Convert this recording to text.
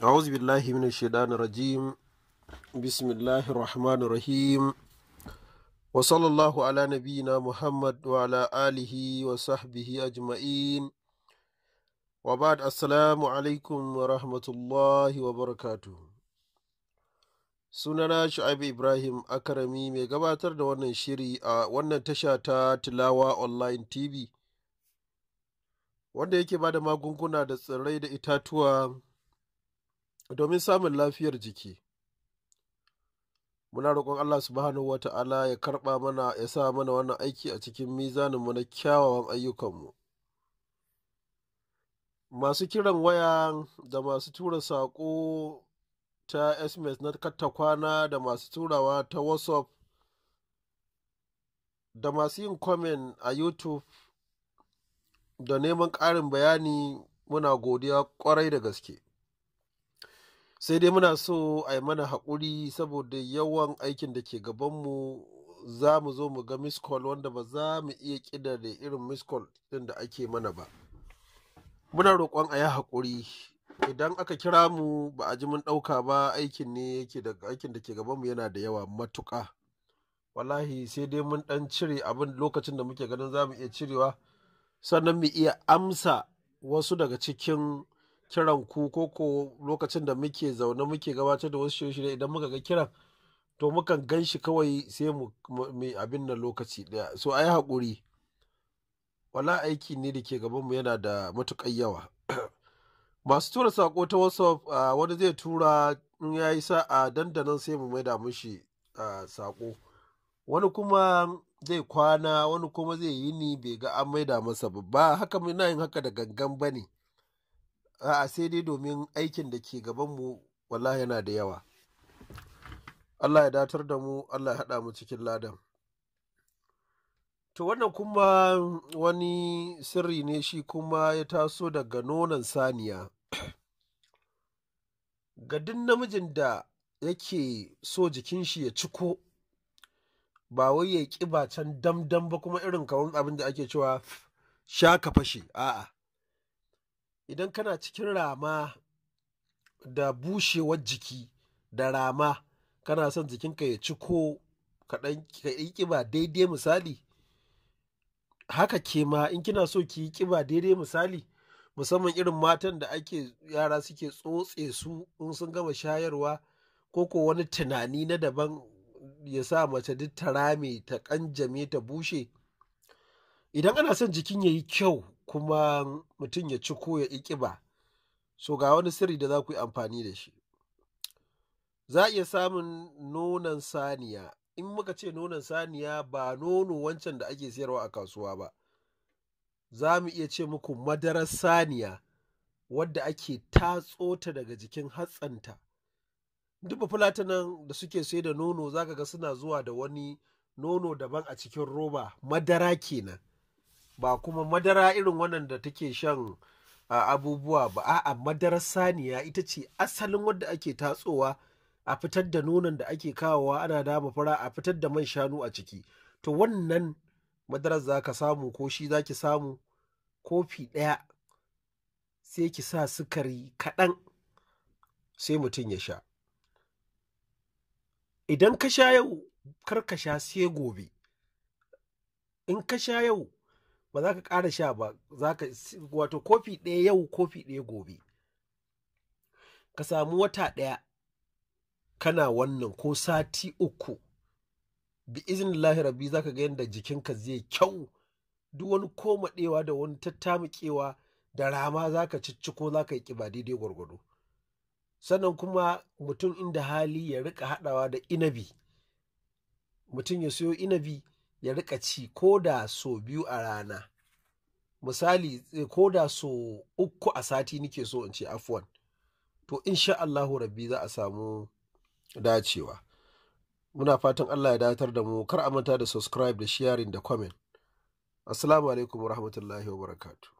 a'udhu billahi minash shaitanir rajim bismillahir rahmanir rahim wa sallallahu ala nabiyyina muhammad wa ala alihi wa sahbihi ajma'in wa ba'd assalamu alaikum wa rahmatullahi wa barakatuh sunana shu'aib ibrahim Akarami mai gabatar da wannan shiri a wannan tasha ta tilawa online tv wanda yake bada magunguna da tsirrai da itatuwa domin samun lafiyar jiki muna roƙon Allah subhanahu wa ta'ala ya karɓa mana ya sa mana wannan aiki a cikin mizaninmu na kyawawan ayyukanmu masu kiran waya da masu tura saƙo ta sms na katta kwana da masu turawa ta whatsapp da masu yin comment a youtube da neman ƙarin bayani muna godiya ƙwarai da gaske sai dai muna so a yi mana haƙuri saboda yawan aikin da ke gabanmu za mu zo mu ga miscall wanda ba za mu iya ƙida da irin miscall ɗin da ake mana ba muna roƙon a yi haƙuri idan aka kira mu ba a ji mun ɗauka ba aikin ne yake da aikin da ke gabanmu yana da yawa matuka wallahi sai dai mun ɗan cire abin lokacin da muke ganin za mu iya cirewa sannan mu iya amsa wasu daga cikin kiran ku koko lokacin da muke zaune muke gabatar da wasu shirye-shirye idan muka ga kiran to mukan gan shi kawai sai mu mai abin nan lokaci daya so ayi hakuri wala aiki ne da ke gaban mu yana da matuƙar yawa masu tura sako ta whatsapp wani zai tura in ya yi sa'a dandanan sai mu maida mushi sako wani kuma zai kwana wani kuma zai yi ni bai ga an maida masa ba haka muna yin haka da gangan bane ne a'a sai dai domin aikin da ke gabanmu wallahi yana da yawa Allah ya datar da mu Allah ya haɗa mu cikin ladan to wannan kuma wani sirri ne shi kuma ya taso daga nonon saniya ga duk namijin da yake so jikin shi ya ciko ba wai ya ba can damdam ba kuma irin kawun abin da ake cewa sha ka fashe a'a idan kana cikin rama da bushewar jiki da rama kana son jikinka ya ci ciko kaɗan yi ƙiba daidai misali haka ke ma in kina so ki yi ƙiba daidai misali musamman irin matan da ake yara suke tsotse su in sun gama shayarwa ko ko wani tunani na daban ya sa mace duk ta rame ta ƙanjame ta bushe idan ana son jikin ya yi kyau kuma mutum ya ci ko ya ƙiƙiba, so ga wani sirri da za ku yi amfani da shi za a iya samun nonon saniya in muka ce nonon saniya ba nono wancan da ake sayarwa a kasuwa ba za mu iya ce muku madarar saniya wadda ake tatso ta daga jikin hatsanta duk fulatanan da suke sai da nono zaka ga suna zuwa da wani nono daban a cikin roba madara kenan ba kuma madara irin wannan da take shan abubuwa ba a'a madarar saniya ita ce asalin wadda ake tatsowa a fitar da nonon da ake kawowa ana dama fara a fitar da man shanu a ciki to wannan madarar za ka samu ko shi za ki samu kofi ɗaya sai ki sa sukari kaɗan sai mutum ya sha idan ka sha yau kar ka sha sai gobe in ka sha yau ba za ka kara sha ba za ka wato kofi ɗaya yau kofi ɗaya gobe ka samu wata ɗaya kana wannan ko sati uku bi lahi rabbi za ka ga yadda jikinka zai kyau duk wani koma komaɗewa da wani tattamakewa da rama za ka cicciko za ka yi ƙiba daidai gwargwado sannan kuma mutum inda hali ya rika haɗawa da inabi mutum ya siyo inabi ya rika ci ko da so biyu a rana misali eh, ko da so uku a sati nike so in ce afwan to insha Allahu rabbi za a samu dacewa muna fatan Allah ya datar da mu kar a manta da subscribe da sharing da comment assalamu alaikum wa wabarakatuh